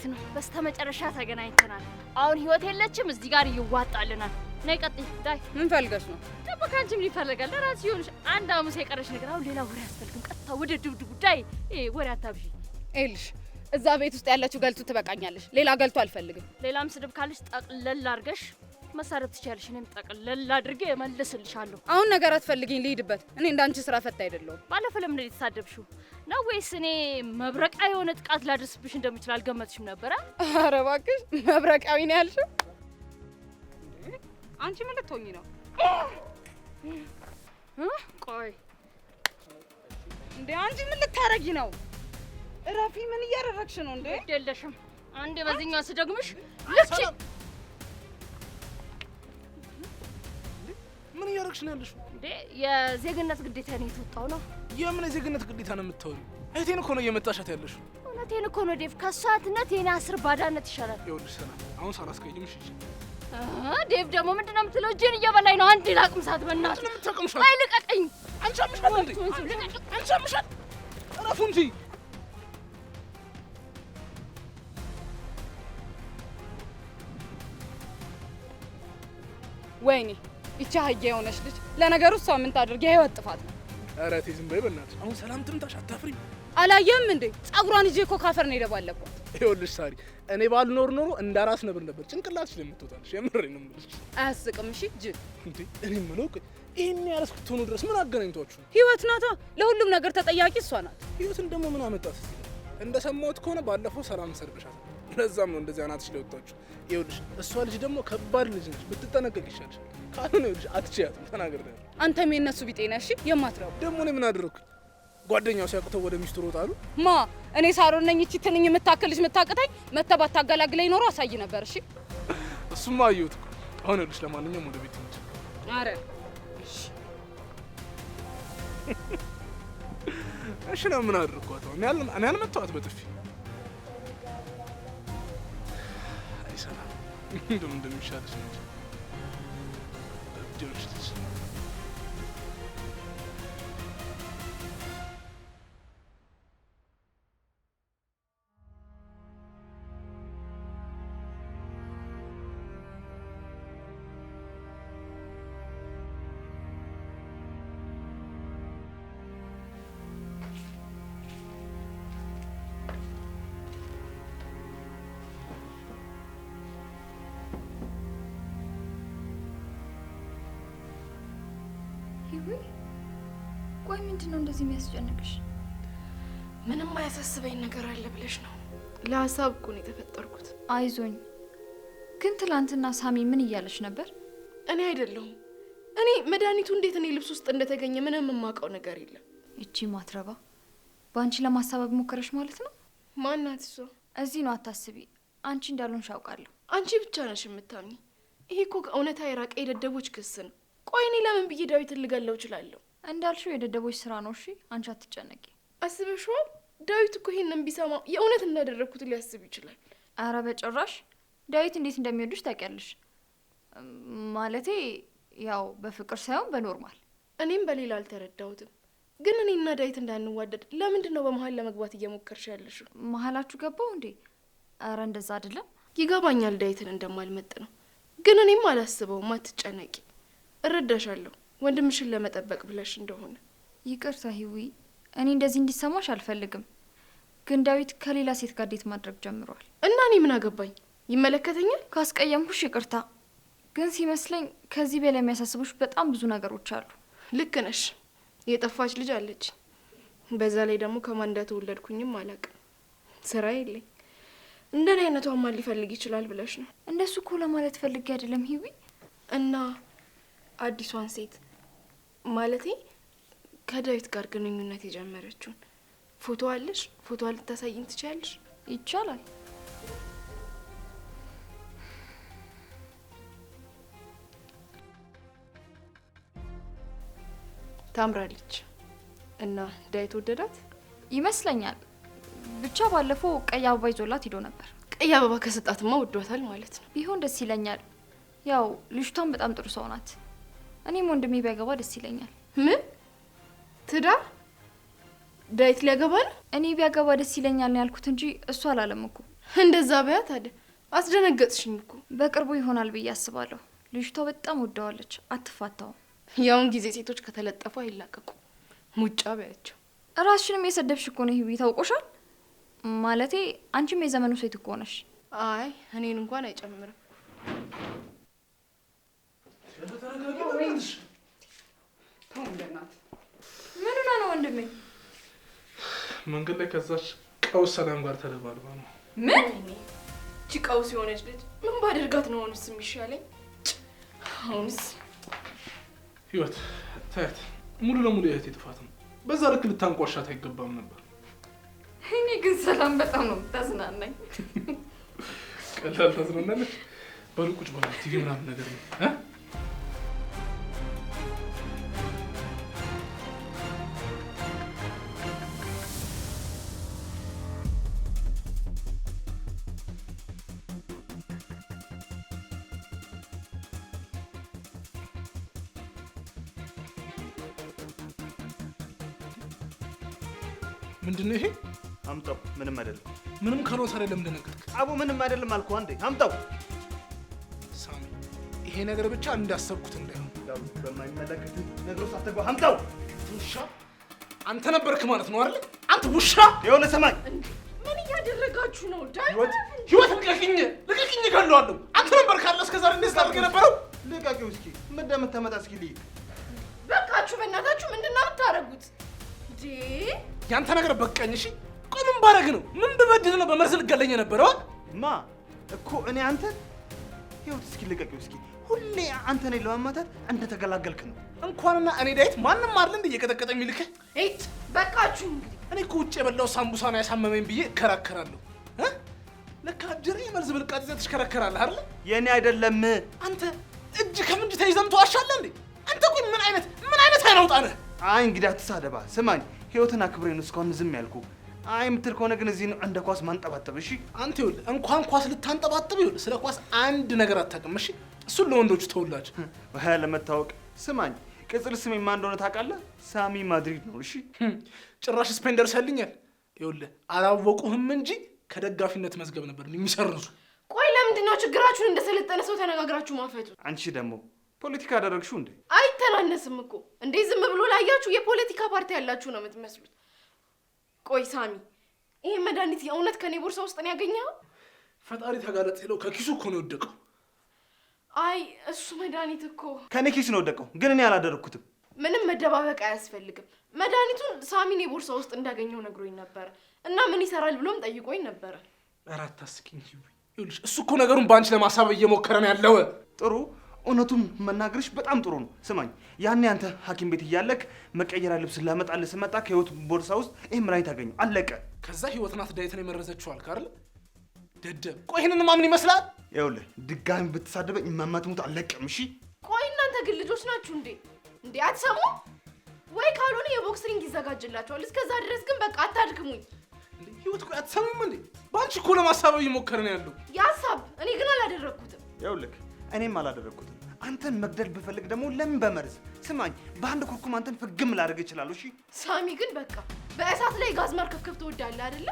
ቤት ነው። በስተመጨረሻ ተገናኝተናል። አሁን ህይወት የለችም፣ እዚህ ጋር ይዋጣልናል። ነይ ቀጥይ። ዳይ ምን ፈልገሽ ነው? ደሞ ካንቺም ይፈልጋል። ለራሱ ይሆንሽ አንድ አሙስ የቀረሽ ነገር። አሁን ሌላ ወሬ አያስፈልግም። ቀጥታ ወደ ድብድቡ። ዳይ ይሄ ወሬ አታብዢ። ይኸውልሽ እዛ ቤት ውስጥ ያለችው ገልቱ ትበቃኛለሽ። ሌላ ገልቱ አልፈልግም። ሌላም ስድብ ካለሽ ጠቅለል አድርገሽ መሳረብ ትችያለሽ። እኔም ጠቅለል አድርጌ እመልስልሻለሁ። አሁን ነገር አትፈልጊኝ፣ ልሂድበት። እኔ እንዳንቺ ስራ ፈታ አይደለሁም። ባለፈ ለምን የተሳደብሽው ነው ወይስ እኔ መብረቃዊ የሆነ ጥቃት ላደርስብሽ እንደምችል አልገመትሽም ነበረ? ኧረ እባክሽ መብረቃዊ ነው ያልሽው። አንቺ ምን ልትሆኚ ነው? ቆይ እንዴ አንቺ ምን ልታረጊ ነው? እረፊ! ምን እያደረግሽ ነው እንዴ? የለሽም አንዴ በዚህኛው ስደግምሽ ልክ ምን እያደረግሽ ነው ያለሽው? እንዴ የዜግነት ግዴታ ነው የተወጣው ነው። የምን የዜግነት ግዴታ ነው የምታወሪው? እህቴን እኮ ነው እየመጣሻት ያለሽ። እውነቴን እኮ ነው ዴቭ፣ ከእሷ እህትነት የኔ አስር ባዳነት ይሻላል። ይኸውልሽ ሰና፣ አሁን ሳላስቀይምሽ እሺ? ዴቭ ደግሞ ምንድን ነው የምትለው? እጄን እየበላኝ ነው። አንድ ላቅም ሰዓት መናት ምታቅምሻል። አይ ልቀቀኝ! አንሻምሻል እንዴ! አንሻምሻል! እረፉ እንጂ ወይኔ ይቺ አህያ የሆነች ልጅ ለነገሩ እሷ ምን ታደርግ? የህይወት ጥፋት ነው። ኧረ ተይ ዝም በይ በእናትሽ። አሁን ሰላም ትምጣሽ፣ አታፍሪም? አላየም እንዴ ጸጉሯን ይዤ እኮ ካፈር ነው የደባለኳት። ይኸውልሽ ሳሪ፣ እኔ ባልኖር ኖሮ እንደ አራስ ነብር ነበር ጭንቅላትሽ ላይ የምትወጣልሽ። የምሬን ነው የምልሽ። አያስቅም? እሺ ጅል እንዴ! እኔ የምለው ይህን ያህል እስክትሆኑ ድረስ ምን አገናኝቷችሁ? ህይወት ናታ፣ ለሁሉም ነገር ተጠያቂ እሷ ናት። ህይወትን ደግሞ ምን አመጣት? እንደሰማሁት ከሆነ ባለፈው ሰላም ሰርብሻት ለዛም ነው እንደዚህ አናትሽ ላይ ወጣችሁ። ይኸውልሽ እሷ ልጅ ደግሞ ከባድ ልጅ ነች፣ ብትጠነቀቅ ይሻልሽ። ካልሆነ ይኸውልሽ አትችያትም። ተናገር ደ አንተም የእነሱ ቢጤ ነህ። እሺ የማትረቡ ደግሞ እኔ ምን አደረግኩኝ? ጓደኛው ሲያቅተው ወደ ሚስቱ ሮጣሉ። ማ እኔ ሳሮን ነኝ። እቺ ትንኝ የምታክል ልጅ የምታቅተኝ መተህ ባታገላግለኝ ኖሮ አሳይ ነበር። እሺ እሱማ አየሁት እኮ። አሁን ይኸውልሽ ለማንኛውም ወደ ቤት እንጂ አረ እሺ እሺ ነው ምን አድርኳት? እኔ አልመታኋት በጥፊ Dum dum şarkı. Görüşürüz. ቆይ ምንድን ነው እንደዚህ የሚያስጨንቅሽ? ምንም አያሳስበኝ ነገር አለ ብለሽ ነው? ለሀሳብ እኮ ነው የተፈጠርኩት። አይዞኝ። ግን ትላንትና ሳሚ ምን እያለች ነበር? እኔ አይደለሁም እኔ መድኃኒቱ እንዴት እኔ ልብስ ውስጥ እንደተገኘ ምንም የማውቀው ነገር የለም። እቺ ማትረባ በአንቺ ለማሳበብ ሞከረች ማለት ነው። ማናት እሷ? እዚህ ነው አታስቢ። አንቺ እንዳልሆንሽ አውቃለሁ። አንቺ ብቻ ነሽ የምታምኚ። ይሄ እኮ ከእውነታ የራቀ የደደቦች ክስ ነው። ቆይ እኔ ለምን ብዬ ዳዊትን ልገለው እችላለሁ? እንዳልሽው የደደቦች ስራ ነው። እሺ አንቺ አትጨነቂ። አስበሽዋል? ዳዊት እኮ ይሄንን ቢሰማ የእውነት እንዳደረግኩት ሊያስብ ይችላል። አረ በጭራሽ። ዳዊት እንዴት እንደሚወዱሽ ታውቂያለሽ። ማለቴ ያው በፍቅር ሳይሆን በኖርማል። እኔም በሌላ አልተረዳሁትም። ግን እኔና ዳዊት እንዳንዋደድ ለምንድን ነው በመሀል ለመግባት እየሞከርሽ ያለሽ መሀላችሁ ገባው እንዴ? አረ እንደዛ አይደለም። ይገባኛል ዳዊትን እንደማልመጥ ነው። ግን እኔም አላስበውም። አትጨነቂ እረዳሻለሁ ወንድምሽን ለመጠበቅ ብለሽ እንደሆነ። ይቅርታ ሂዊ፣ እኔ እንደዚህ እንዲሰማሽ አልፈልግም። ግን ዳዊት ከሌላ ሴት ጋር ዴት ማድረግ ጀምሯል እና እኔ ምን አገባኝ? ይመለከተኛል። ካስቀየምኩሽ ይቅርታ። ግን ሲመስለኝ ከዚህ በላይ የሚያሳስቡሽ በጣም ብዙ ነገሮች አሉ። ልክ ነሽ። የጠፋች ልጅ አለች። በዛ ላይ ደግሞ ከማን እንደተወለድኩኝም አላውቅም። ስራ የለኝ። እንደኔ አይነቷ ማን ሊፈልግ ይችላል ብለሽ ነው? እንደሱ እኮ ለማለት ፈልጌ አይደለም ሂዊ እና አዲሷን ሴት ማለቴ ከዳዊት ጋር ግንኙነት የጀመረችውን ፎቶ አለሽ? ፎቶ ልታሳይኝ ትችያለሽ? ይቻላል። ታምራለች እና ዳዊት ወደዳት ይመስለኛል። ብቻ ባለፈው ቀይ አበባ ይዞላት ሂዶ ነበር። ቀይ አበባ ከሰጣትማ ወዷታል ማለት ነው። ቢሆን ደስ ይለኛል። ያው ልጅቷን በጣም ጥሩ ሰው ናት። እኔም ወንድሜ ቢያገባ ደስ ይለኛል። ምን ትዳር ዳዊት ሊያገባ ነው? እኔ ቢያገባ ደስ ይለኛል ነው ያልኩት እንጂ እሱ አላለም እኮ። እንደዛ በያ ታዲያ። አስደነገጥሽኝ እኮ። በቅርቡ ይሆናል ብዬ አስባለሁ። ልጅቷ በጣም ወደዋለች፣ አትፋታውም። ያውን ጊዜ ሴቶች ከተለጠፉ አይላቀቁም። ሙጫ በያቸው። እራስሽንም የሰደብሽ እኮ ነው ታውቆሻል ማለቴ አንቺም የዘመኑ ሴት እኮ ነሽ። አይ እኔን እንኳን አይጨምርም። ምን ሆና ነው ወንድሜ? መንገድ ላይ ከዛች ቀውስ ሰላም ጋር ተደባልባ ነው። ምን እቺ ቀውስ የሆነች ልጅ ምን ባደርጋት ነው አሁንስ የሚሻለኝ? አሁንስ ህይወት ታያት ሙሉ ለሙሉ እህቴ ጥፋት ነው። በዛ ልክ ልታንቋሻት አይገባም ነበር። እኔ ግን ሰላም በጣም ነው የምታዝናናኝ። ቀላል ታዝናናለች። በሩቁጭ በላ ቲቪ ምናምን ነገር ነው አይደለም። ምንም ከሮስ አይደለም። እንደነገርክ አቡ ምንም አይደለም አልኩ። አንዴ አምጣው ሳሚ። ይሄ ነገር ብቻ እንዳሰብኩት እንዳይሆን በማይመለከት ነገር ውስጥ አምጣው። ውሻ አንተ ነበርክ ማለት ነው አይደል? አንተ ውሻ የሆነ ሰማይ ምን እያደረጋችሁ ነው? ዳይ ህይወት ልቀቅኝ፣ ልቀቅኝ፣ እገለዋለሁ። አንተ ነበርክ አይደል? እስከዛሬ እንደዚህ ታደርግ የነበረው ልቀቂው። እስኪ ምን እንደምታመጣ እስኪ ልሂድ። በቃችሁ፣ በእናታችሁ ምንድን ነው የምታደርጉት? ያንተ ነገር በቃኝ። እሺ ቆይ ምን ባረግ ነው? ምን ብበድል ነው በመርዝ ልገለኝ የነበረው? ማ እኮ እኔ አንተ ይኸውልህ፣ እስኪ ልቀቂው እስኪ። ሁሌ አንተ እኔን ለማማታት እንደተገላገልክ ነው። እንኳንና እኔ ዳዊት ማንም እንደ እየቀጠቀጠ የሚልከ እይት በቃችሁ። እኔ እኮ ውጭ የበላው ሳምቡሳ ነው ያሳመመኝ ብዬ እከራከራለሁ። ለካ ጀሪ መርዝ ብልቃጥ ይዘህ ትሽከረከራለህ አይደል? የእኔ አይደለም አንተ እጅ ከምንጅ ተይዘም አሻለ እንዴ? አንተ ቆይ ምን አይነት ምን አይነት አይናውጣ ነህ? አይ እንግዲህ አትሳደባ። ስማኝ፣ ህይወትና ክብሬን ነው እስካሁን ዝም ያልኩህ አይ የምትል ከሆነ ግን እዚህ እንደ ኳስ ማንጠባጠብ። እሺ አንተ ይኸውልህ፣ እንኳን ኳስ ልታንጠባጥብ ይኸውልህ፣ ስለ ኳስ አንድ ነገር አታውቅም። እሺ እሱን ለወንዶቹ ተውላችሁ። ለመታወቅ ስማኝ፣ ቅጽል ስሜ ማን እንደሆነ ታውቃለህ? ሳሚ ማድሪድ ነው። እሺ ጭራሽ ስፔን ደርሰልኛል። ይኸውልህ፣ አላወቁህም እንጂ ከደጋፊነት መዝገብ ነበር የሚሰርዙ። ቆይ ለምንድን ነው ችግራችሁን እንደሰለጠነ ሰው ተነጋግራችሁ ማፈቱ? አንቺ ደግሞ ፖለቲካ አደረግሽው እንዴ? አይተናነስም እኮ እንዴ! ዝም ብሎ ላያችሁ የፖለቲካ ፓርቲ ያላችሁ ነው የምትመስሉት። ቆይ ሳሚ፣ ይሄ መድኃኒት የእውነት ከኔ ቦርሳ ውስጥ ነው ያገኘው ፈጣሪ ተጋለጥ ሲለው ከኪሱ እኮ ነው የወደቀው። አይ እሱ መድኃኒት እኮ ከኔ ኪስ ነው የወደቀው፣ ግን እኔ አላደረግኩትም። ምንም መደባበቅ አያስፈልግም። መድኃኒቱን ሳሚን የቦርሳ ውስጥ እንዳገኘው ነግሮኝ ነበረ እና ምን ይሰራል ብሎም ጠይቆኝ ነበረ። ኧረ አታስቂኝ። ይኸውልሽ እሱ እኮ ነገሩን በአንቺ ለማሳበብ እየሞከረ ነው ያለው። ጥሩ እውነቱን መናገርሽ በጣም ጥሩ ነው። ስማኝ፣ ያን አንተ ሐኪም ቤት እያለክ መቀየሪያ ልብስ ላመጣልህ ስመጣ ከህይወት ቦርሳ ውስጥ ይህ መድኃኒት አገኘሁ። አለቀ። ከዛ ህይወት ናት ዳይትን የመረዘችው አልክ አይደል? ደደብ። ቆይ ይህንን ማምን ይመስላል? ይኸውልህ ድጋሚ ብትሳደበኝ ሙት አለቀም። እሺ። ቆይ እናንተ ግን ልጆች ናችሁ እንዴ? እንዴ አትሰሙ ወይ? ካልሆነ ሪንግ ይዘጋጅላችኋል። እስከዛ ድረስ ግን በቃ አታድክሙኝ። ህይወት ቆይ አትሰሙም እንዴ? በአንቺ እኮ ለማሳበብ እየሞከረ ነው ያለው። ያሳብ እኔ ግን አላደረግኩትም። ይኸውልህ እኔም አላደረግኩትም። አንተን መግደል ብፈልግ ደግሞ ለምን በመርዝ ስማኝ፣ በአንድ ኩርኩም አንተን ፍግም ላደርግ እችላለሁ። እሺ ሳሚ፣ ግን በቃ በእሳት ላይ ጋዝ መርከብከብ ትወዳለህ አይደለ?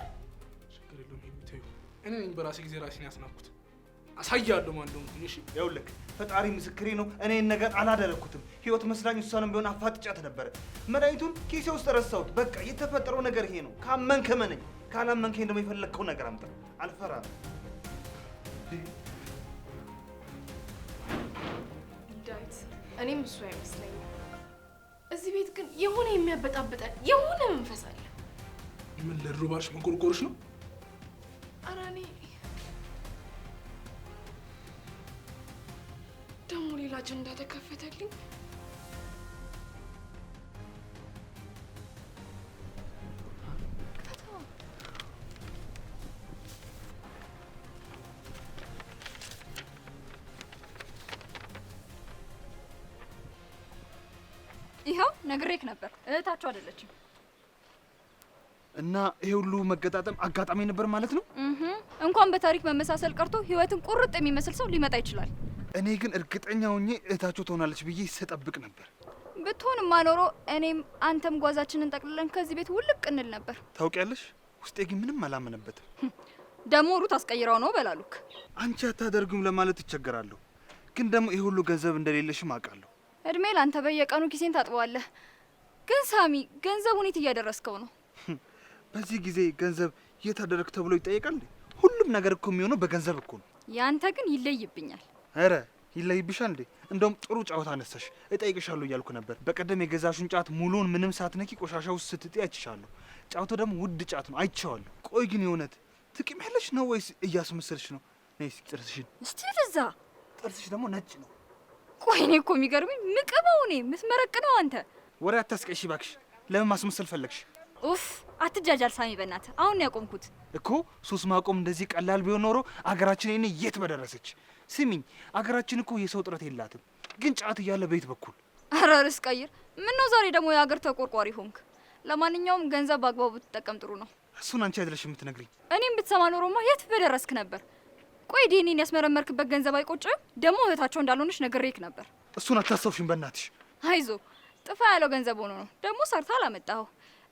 ችግር የለውም የሚታዩ እኔ በራሴ ጊዜ ራሴን ያስናኩት አሳያለሁ ማለት ነው። እሺ ይኸውልህ፣ ፈጣሪ ምስክሬ ነው። እኔን ነገር አላደረግኩትም። ህይወት መስላኝ እሷንም ቢሆን አፋጥጫት ነበረ። መድኃኒቱን ኪሴ ውስጥ ረሳሁት። በቃ የተፈጠረው ነገር ይሄ ነው። ካመንክ እመነኝ፣ ካላመንከኝ ደግሞ የፈለግከው ነገር አምጣ። አልፈራም እኔም እሱ አይመስለኝም። እዚህ ቤት ግን የሆነ የሚያበጣብጠን የሆነ መንፈስ አለ። ምን ለድሮባሽ መጎርጎሮች ነው? ኧረ እኔ ደግሞ ሌላ አጀንዳ ተከፈተልኝ። ይኸው ነግሬክ ነበር፣ እህታቸው አይደለችም። እና ይሄ ሁሉ መገጣጠም አጋጣሚ ነበር ማለት ነው። እንኳን በታሪክ መመሳሰል ቀርቶ ህይወትን ቁርጥ የሚመስል ሰው ሊመጣ ይችላል። እኔ ግን እርግጠኛ ሆኜ እህታቸው ትሆናለች ብዬ ስጠብቅ ነበር። ብትሆን ማኖሮ እኔም አንተም ጓዛችንን ጠቅልለን ከዚህ ቤት ውልቅ እንል ነበር። ታውቂያለሽ፣ ውስጤ ግን ምንም አላመነበትም። ደሞ ሩት አስቀይራው ነው በላሉክ። አንቺ አታደርጉም ለማለት ይቸገራለሁ፣ ግን ደግሞ ይህ ሁሉ ገንዘብ እንደሌለሽም አውቃለሁ። እድሜ ላንተ። በየቀኑ ጊዜን ታጥበዋለህ። ግን ሳሚ፣ ገንዘቡን የት እያደረስከው ነው? በዚህ ጊዜ ገንዘብ የት አደረክ ተብሎ ይጠየቃል? ሁሉም ነገር እኮ የሚሆነው በገንዘብ እኮ ነው። ያንተ ግን ይለይብኛል። ኧረ ይለይብሻል እንዴ? እንደውም ጥሩ ጨዋታ አነሳሽ። እጠይቅሻለሁ እያልኩ ነበር። በቀደም የገዛሹን ጫት ሙሉውን ምንም ሳትነኪ ቆሻሻ ውስጥ ስትጤ አይችሻለሁ። ጫቱ ደግሞ ውድ ጫት ነው፣ አይቼዋለሁ። ቆይ ግን የእውነት ትቅም ያለሽ ነው ወይስ እያስመሰልሽ ነው? ነይ እስኪ ጥርስሽን እስቲ ፍዛ። ጥርስሽ ደግሞ ነጭ ነው ቆይ እኔ እኮ የሚገርመኝ ምቅበው እኔ ነው አንተ። ወሬ አታስቀይሽ ባክሽ። ለምን ማስመሰል ፈለግሽ? ኡፍ አትጃጃል ሳሚ በእናት አሁን ያቆምኩት እኮ ሱስ ማቆም እንደዚህ ቀላል ቢሆን ኖሮ አገራችን ይህን የት በደረሰች። ስሚኝ አገራችን እኮ የሰው ጥረት የላትም፣ ግን ጫት እያለ በየት በኩል ኧረ ርዕስ ቀይር። ነው ዛሬ ደግሞ የአገር ተቆርቋሪ ሆንክ? ለማንኛውም ገንዘብ በአግባቡ ትጠቀም ጥሩ ነው። እሱን አንቺ አይደለሽ የምትነግሪኝ። እኔም ብትሰማ ኖሮማ የት በደረስክ ነበር። ቆይ ዲኔን ያስመረመርክበት ገንዘብ አይቆጭም? ደግሞ እህታቸው እንዳልሆነች ነግሬክ ነበር። እሱን አታሰብሽም በእናትሽ። አይዞ ጥፋ ያለው ገንዘብ ሆኖ ነው። ደግሞ ሰርታ አላመጣኸው።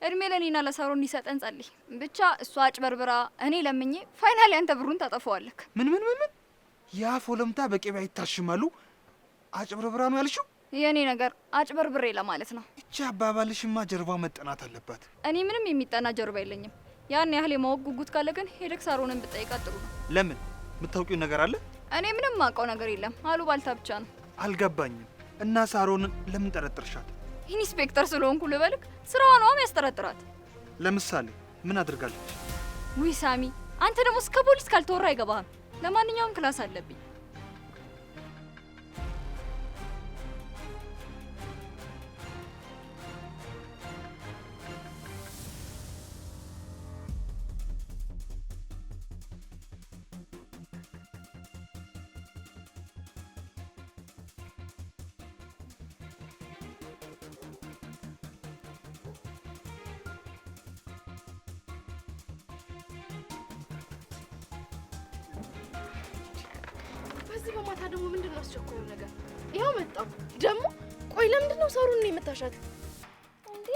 እድሜ ለእኔና ለሳሮን እንዲሰጠን ጸልይ። ብቻ እሷ አጭበርብራ፣ እኔ ለምኜ፣ ፋይናሊ አንተ ብሩን ታጠፈዋለክ። ምን ምን ምን ምን? የአፍ ወለምታ በቅቤ አይታሽማሉ። አጭበርብራ ነው ያልሽው? የእኔ ነገር አጭበርብሬ ለማለት ነው። እቺ አባባልሽማ ጀርባ መጠናት አለባት። እኔ ምንም የሚጠና ጀርባ የለኝም። ያን ያህል የማወቅ ጉጉት ካለ ግን ሄደክ ሳሮንን ብጠይቃት ጥሩ ነው። ለምን የምታውቂው ነገር አለ? እኔ ምንም ማውቀው ነገር የለም፣ ባልታ ብቻ ነው። አልገባኝም። እና ሳሮን ለምን ጠረጥርሻት? ኢንስፔክተር ስለሆንኩ ልበልክ? ስራዋ ነዋም ያስጠረጥራት። ለምሳሌ ምን አድርጋለች? ውይ ሳሚ፣ አንተ ደግሞ እስከ ፖሊስ ካልተወራ አይገባህም። ለማንኛውም ክላስ አለብኝ በዚህ በማታ ደግሞ ምንድን ነው አስቸኮሉ ነገር? ይኸው መጣሁ ደግሞ። ቆይ ለምንድን ነው ሰሩን ነው የምታሻት እንዴ?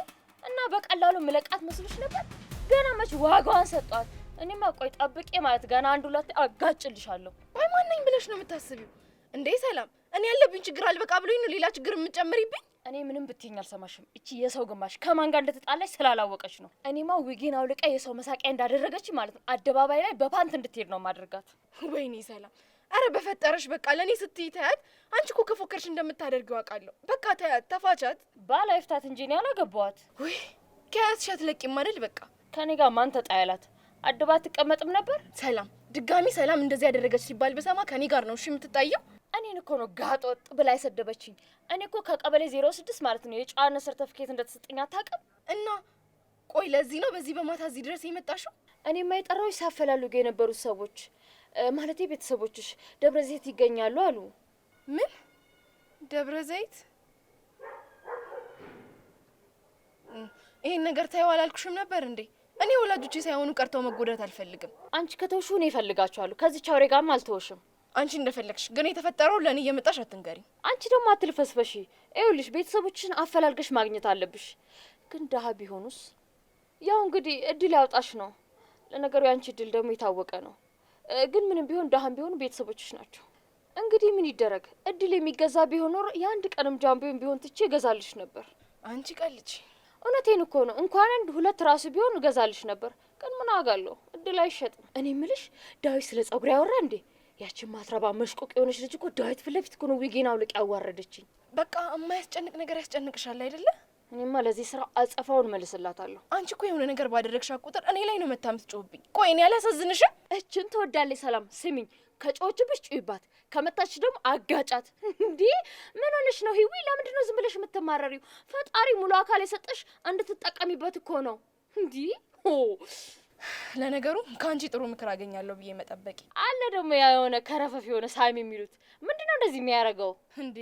እና በቀላሉ ምለቃት መስሎሽ ነበር? ገና መች ዋጋዋን ሰጧት። እኔማ ቆይ ጠብቄ ማለት ገና አንድ ሁለት አጋጭልሻለሁ። ቆይ ማነኝ ብለሽ ነው የምታስቢው እንዴ? ሰላም እኔ ያለብኝ ችግር አልበቃ ብሎኝ ነው ሌላ ችግር የምትጨምሪብኝ? እኔ ምንም ብትይኝ አልሰማሽም። እቺ የሰው ግማሽ ከማን ጋር እንደተጣላች ስላላወቀች ነው። እኔማ ዊጌን አውልቃ የሰው መሳቂያ እንዳደረገች ማለት ነው አደባባይ ላይ በፓንት እንድትሄድ ነው ማደርጋት። ወይኔ ሰላም አረ በፈጠረሽ በቃ ለእኔ ስትይ ተያት። አንቺ እኮ ከፎከርሽ እንደምታደርጊው አውቃለሁ። በቃ ተያት፣ ተፋቻት። ባል አይፍታት እንጂ እኔ አላገባኋት። ውይ ከያዝሽ አትለቂም አይደል? በቃ ከኔ ጋር ማን ተጣያላት? አድባ አትቀመጥም ነበር። ሰላም ድጋሚ ሰላም እንደዚህ ያደረገች ሲባል በሰማ ከኔ ጋር ነው እሺ የምትጣየው? እኔን እኮ ነው ጋጥ ወጥ ብላ የሰደበችኝ። እኔ እኮ ከቀበሌ ዜሮ ስድስት ማለት ነው የጨዋነ ሰርተፍኬት እንደተሰጠኝ አታውቅም። እና ቆይ ለዚህ ነው በዚህ በማታ እዚህ ድረስ የመጣሽው? እኔማ የጠራሁሽ ሳፈላልጉ የነበሩት ሰዎች ማለት ቤተሰቦችሽ ደብረ ዘይት ይገኛሉ አሉ። ምን ደብረ ዘይት? ይህን ነገር ታየው አላልኩሽም ነበር እንዴ? እኔ ወላጆቼ ሳይሆኑ ቀርተው መጎዳት አልፈልግም። አንቺ ከተውሹ እኔ እፈልጋቸዋለሁ። ከዚህ ቻውሬ ጋርም አልተወሽም። አንቺ እንደፈለግሽ ግን የተፈጠረው ለእኔ እየመጣሽ አትንገሪ። አንቺ ደግሞ አትልፈስፈሺ። ይኸውልሽ ቤተሰቦችሽን አፈላልገሽ ማግኘት አለብሽ። ግን ደሀ ቢሆኑስ? ያው እንግዲህ እድል ያውጣሽ ነው። ለነገሩ የአንቺ እድል ደግሞ የታወቀ ነው። ግን ምንም ቢሆን ዳህም ቢሆኑ ቤተሰቦችሽ ናቸው። እንግዲህ ምን ይደረግ፣ እድል የሚገዛ ቢሆን ኖር የአንድ ቀንም ጃምቢዮን ቢሆን ትቼ እገዛልሽ ነበር። አንቺ ቀልች። እውነቴን እኮ ነው። እንኳን አንድ ሁለት ራሱ ቢሆን እገዛልሽ ነበር። ግን ምን አጋለሁ፣ እድል አይሸጥም። እኔ ምልሽ ዳዊት ስለ ጸጉር ያወራ እንዴ? ያችን ማትረባ መሽቆቅ የሆነች ልጅ እኮ ዳዊት ፊት ለፊት እኮ ዊጌን አውልቅ ያዋረደችኝ። በቃ የማያስጨንቅ ነገር ያስጨንቅሻል አይደለ? እኔማ ለዚህ ስራ አጸፋውን መልስላታለሁ። አንቺ እኮ የሆነ ነገር ባደረግሻ ቁጥር እኔ ላይ ነው መታምስ ጮህብኝ። ቆይ እኔ አላሳዝንሽም? እችን ትወዳለች። ሰላም ስሚኝ፣ ከጮህችብሽ ጩይባት፣ ከመታች ደግሞ አጋጫት። እንዲህ ምን ሆነሽ ነው ሂዊ? ለምንድን ነው ዝም ብለሽ የምትማረሪው? ፈጣሪ ሙሉ አካል የሰጠሽ እንድትጠቀሚበት እኮ ነው። እንዲህ ለነገሩ ከአንቺ ጥሩ ምክር አገኛለሁ ብዬ መጠበቂ አለ። ደግሞ ያ የሆነ ከረፈፍ የሆነ ሳሚ የሚሉት ምንድነው እንደዚህ የሚያደርገው እንዴ?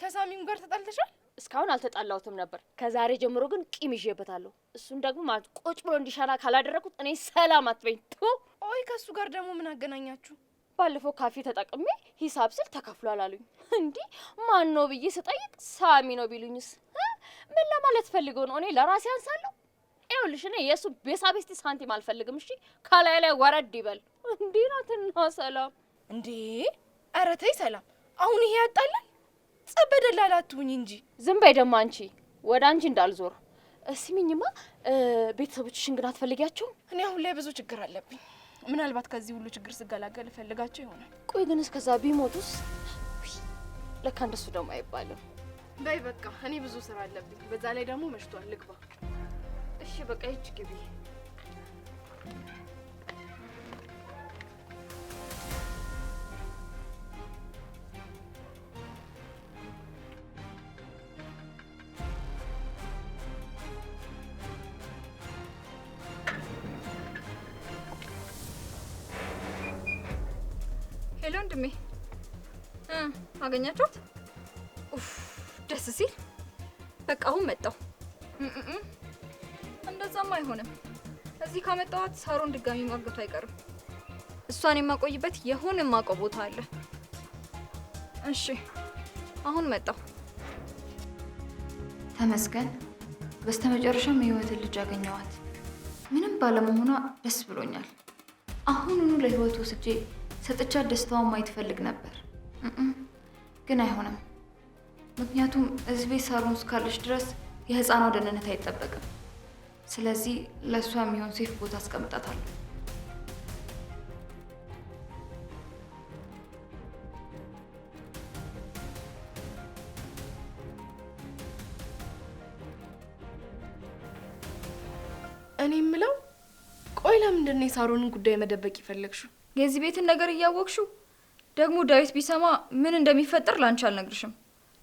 ከሳሚም ጋር ተጣልተሻል? እስካሁን አልተጣላሁትም ነበር። ከዛሬ ጀምሮ ግን ቂም ይዤበታለሁ። እሱን ደግሞ ማለት ቁጭ ብሎ እንዲሻላ ካላደረኩት እኔ ሰላም አትበኝ። ቱ ኦይ ከእሱ ጋር ደግሞ ምን አገናኛችሁ? ባለፈው ካፌ ተጠቅሜ ሂሳብ ስል ተከፍሏል አሉኝ። እንዲህ ማን ነው ብዬ ስጠይቅ ሳሚ ነው ቢሉኝስ? ምን ለማለት ፈልገው ነው? እኔ ለራሴ አንሳለሁ። ይኸውልሽ እኔ የእሱ ቤሳቤስቲ ሳንቲም አልፈልግም። እሺ ከላይ ላይ ወረድ ይበል። እንዲህ ናትና ሰላም እንዴ! ኧረ ተይ ሰላም፣ አሁን ይሄ ያጣለን ጸብ አትሁኝ እንጂ ዝም በይ ደግሞ አንቺ። ወደ አንቺ እንዳልዞር ሲሚኝማ ቤተሰቦችሽን ግን አትፈልጊያቸው? እኔ አሁን ላይ ብዙ ችግር አለብኝ። ምናልባት ከዚህ ሁሉ ችግር ስገላገል እፈልጋቸው ይሆናል። ቆይ ግን እስከዛ ቢሞቱስ? ለካ እንደሱ ደግሞ አይባልም። በይ በቃ እኔ ብዙ ስራ አለብኝ። በዛ ላይ ደግሞ መሽቷል፣ ልግባ። እሺ በቃ ይች ግቢ ሄሎ ወንድሜ አገኛችሁት? ደስ ሲል። በቃ አሁን መጣሁ። እንደዛም አይሆንም። እዚህ ካመጣዋት ሳሮን ድጋሚ ማገቱ አይቀርም። እሷን የማቆይበት የሆነ የማውቀው ቦታ አለ። እሺ አሁን መጣሁ። ተመስገን። በስተመጨረሻም የህይወትን ልጅ አገኘዋት። ምንም ባለመሆኗ ደስ ብሎኛል። አሁኑኑ ለህይወት ወስጄ ሰጥቻት ደስታዋን ማየት ፈልግ ነበር፣ ግን አይሆንም። ምክንያቱም እዚህ ቤት ሳሩን እስካለች ድረስ የህፃኗ ደህንነት አይጠበቅም። ስለዚህ ለእሷ የሚሆን ሴፍ ቦታ አስቀምጣታለሁ። እኔ የምለው ቆይ፣ ለምንድን ነው የሳሩንን ጉዳይ መደበቅ ይፈለግሽው? የዚህ ቤትን ነገር እያወቅሽው ደግሞ ዳዊት ቢሰማ ምን እንደሚፈጠር ላንቺ አልነግርሽም።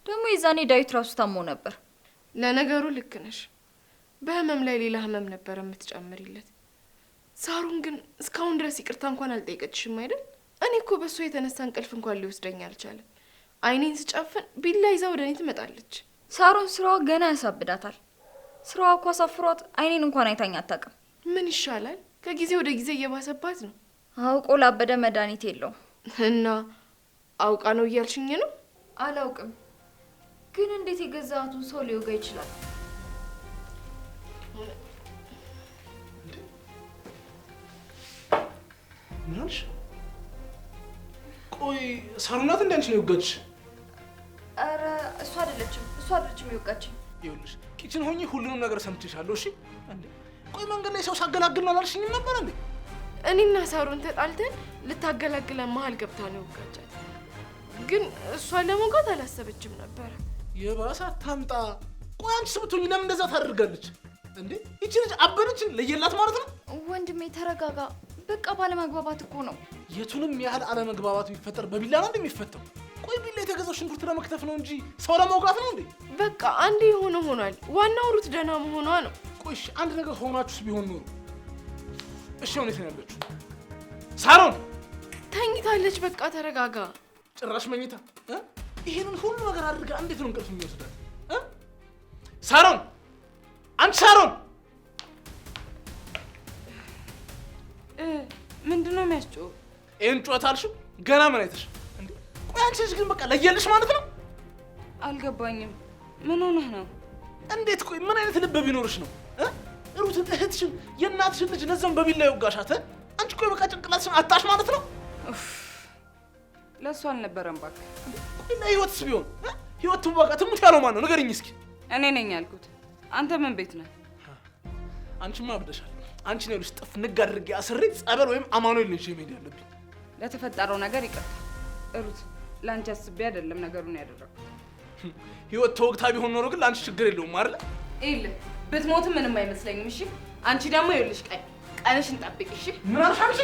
ደግሞ የዛኔ ዳዊት ራሱ ታሞ ነበር። ለነገሩ ልክ ነሽ። በህመም ላይ ሌላ ህመም ነበር የምትጨምሪለት። ሳሩን ግን እስካሁን ድረስ ይቅርታ እንኳን አልጠየቀችሽም አይደል? እኔ እኮ በእሱ የተነሳ እንቅልፍ እንኳን ሊወስደኝ አልቻለም። አይኔን ስጨፍን ቢላ ይዛ ወደ እኔ ትመጣለች። ሳሩን ስራዋ ገና ያሳብዳታል። ስራዋ እኮ አሳፍሯት አይኔን እንኳን አይታኝ አታውቅም። ምን ይሻላል፣ ከጊዜ ወደ ጊዜ እየባሰባት ነው። አውቆ ላበደ መድኃኒት የለውም። እና አውቃ ነው እያልሽኝ ነው? አላውቅም፣ ግን እንዴት የገዛቱን ሰው ሊወጋ ይችላል? ምን አልሽ? ቆይ ሳሩናት እንደ ነው የወጋች? ኧረ እሱ አይደለችም፣ እሱ አይደለችም የወጋችኝ። ይኸውልሽ ኪችን ሆኜ ሁሉንም ነገር ሰምቼሻለሁ። እሺ፣ ቆይ መንገድ ላይ ሰው ሳገላግል ነው አላልሽኝም ነበር እንዴ? እኔና ሳሩን ተጣልተን ልታገላግለን መሀል ገብታ ነው የወጋቻት። ግን እሷ ለመውጋት አላሰበችም ነበር። የባሰ ታምጣ ቋንጭ ስብቶኝ ለምን እንደዛ ታደርጋለች እንዴ? ይቺ ልጅ አበደች ለየላት ማለት ነው። ወንድሜ ተረጋጋ። በቃ ባለመግባባት እኮ ነው። የቱንም ያህል አለመግባባት ቢፈጠር በቢላ ነው እንደሚፈታው። ቆይ ቢላ የተገዛው ሽንኩርት ለመክተፍ ነው እንጂ ሰው ለመውጋት ነው እንዴ? በቃ አንዴ የሆነ ሆኗል። ዋናው ሩት ደህና መሆኗ ነው። ቆይ አንድ ነገር ሆናችሁስ ቢሆን ኖሮ እሺ ነው ያለችው። ሳሮን ተኝታለች። በቃ ተረጋጋ። ጭራሽ መኝታ ይሄንን ሁሉ ነገር አድርጋ እንዴት ነው እንቅልፍ የሚወስዳት? ሳሮን አንቺ ሳሮን፣ ምንድን ነው የሚያስጮህ? ይህን ጩኸት አልሽው? ገና ምን አይተሽ? ቆይ አንቺ ግን በቃ ለየልሽ ማለት ነው? አልገባኝም። ምን ሆነህ ነው? እንዴት? ቆይ ምን አይነት ልብ ቢኖርሽ ነው ሩትን እህትሽን የእናትሽን ልጅ ነዘን በቢላ ይወጋሻት። አንቺ እኮ በቃ ጭንቅላትሽን አታሽ ማለት ነው። ለእሱ አልነበረም እባክህ። እና ህይወትስ ቢሆን ህይወት በቃ ትሙት ያለው ማን ነው? ንገሪኝ እስኪ። እኔ ነኝ ያልኩት። አንተ ምን ቤት ነህ? አንቺማ አብደሻል። አንቺ ነው ልጅ ጥፍ ንግ አድርጌ አስሬ ጸበል ወይም አማኑኤል ልጅ መሄድ ያለብኝ። ለተፈጠረው ነገር ይቅርታ ሩት። ለአንቺ አስቤ አይደለም ነገሩን ያደረኩት። ህይወት ተወግታ ቢሆን ኖሮ ግን ለአንቺ ችግር የለውም አይደል? የለም ብትሞትም ምንም አይመስለኝም። እሺ አንቺ ደግሞ ይኸውልሽ ቀይ ቀንሽን ጠብቂ። እሺ ምን አልሻምሽ?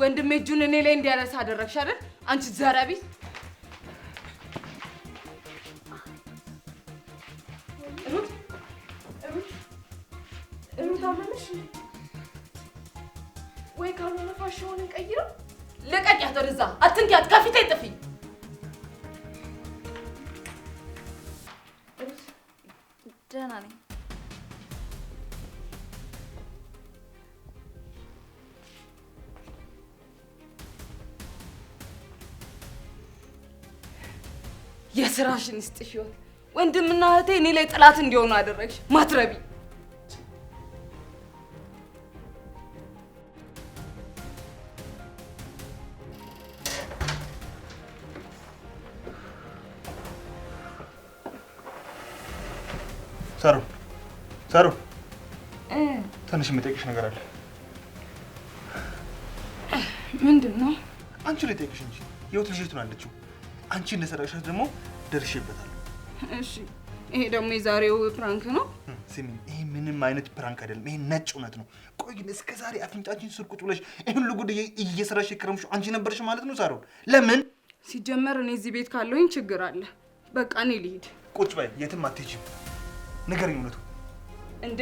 ወንድሜ እጁን እኔ ላይ እንዲያነሳ አደረግሽ አይደል? አንቺ ዘረቢ ወይ ካልሆነ ፋሽኑን ቀይረው ልቀቂያት፣ ወደዛ አትንኪያት፣ ከፊቴ ጥፊ ደህና ነኝ። የስራሽን ይስጥሽ ወንድምና እህቴ እኔ ላይ ጥላት እንዲሆኑ አደረግሽ ማትረቢ ሳሩ ትንሽ የምጠይቅሽ ነገር አለ። ምንድን ነው? አንቺ ላይ ልጠይቅሽ እንጂ የውት ልጅ የት ነው ያለችው? አንቺ እንደሰራሻት ደግሞ ደርሼበታለሁ። እሺ፣ ይሄ ደግሞ የዛሬው ፕራንክ ነው። ስሚ፣ ይሄ ምንም አይነት ፕራንክ አይደለም። ይሄ ነጭ እውነት ነው። ቆይ ግን እስከ ዛሬ አፍንጫችን ስር ቁጭ ብለሽ ይሄን ሁሉ እየሰራሽ የከረምሽው አንቺ ነበርሽ ማለት ነው? ሳሩ፣ ለምን? ሲጀመር እኔ እዚህ ቤት ካለውኝ ችግር አለ። በቃ እኔ ልሂድ። ቁጭ በይ፣ የትም አትሄጂም። ንገረኝ እውነቱ እንዴ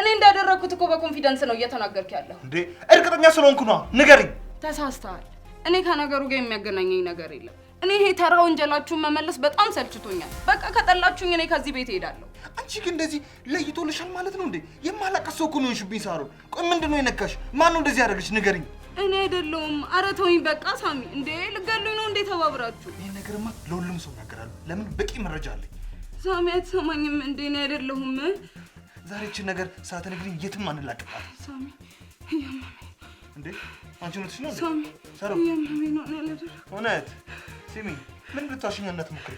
እኔ እንዳደረግኩት እኮ በኮንፊደንስ ነው እየተናገርክ ያለሁ። እንዴ እርግጠኛ ስለሆንኩ ነዋ። ንገሪኝ። ተሳስተሃል። እኔ ከነገሩ ጋር የሚያገናኘኝ ነገር የለም። እኔ ይሄ ተራ ወንጀላችሁን መመለስ በጣም ሰልችቶኛል። በቃ ከጠላችሁኝ እኔ ከዚህ ቤት እሄዳለሁ። አንቺ ግን እንደዚህ ለይቶልሻል ማለት ነው እንዴ? የማላቀስ ሰው እኮ ነው የሆንሽብኝ። ሳሮን፣ ቆይ ምንድን ነው የነካሽ? ማን እንደዚህ ያደረገች? ንገሪኝ። እኔ አይደለሁም። ኧረ ተውኝ በቃ። ሳሚ፣ እንዴ ልገሉኝ ነው እንዴ? ተባብራችሁ። ይህ ነገርማ ለሁሉም ሰው እናገራለሁ። ለምን? በቂ መረጃ አለኝ። ሳሚ፣ አትሰማኝም እንዴ? እኔ አይደለሁም ዛሬችን ነገር ሳትነግሪኝ የትም አንላቅባት። ሳሚ እንዴ አንቺ እውነትሽ ነው? ሳሚ ነው ሰሩ እውነት ሲሚ ምን ብታሽኛነት ሞክሪ።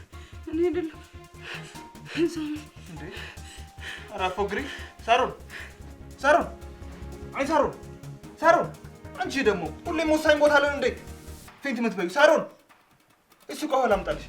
እኔ አይደለም ሳሚ እንዴ አራፎግሪ ሳሩን ሳሩን አይ ሳሩን ሳሩን አንቺ ደግሞ ሁሌም ወሳኝ ቦታ አለን እንዴ ፌንት የምትበዩ ሳሩን እሱ ከኋላ አምጣልሽ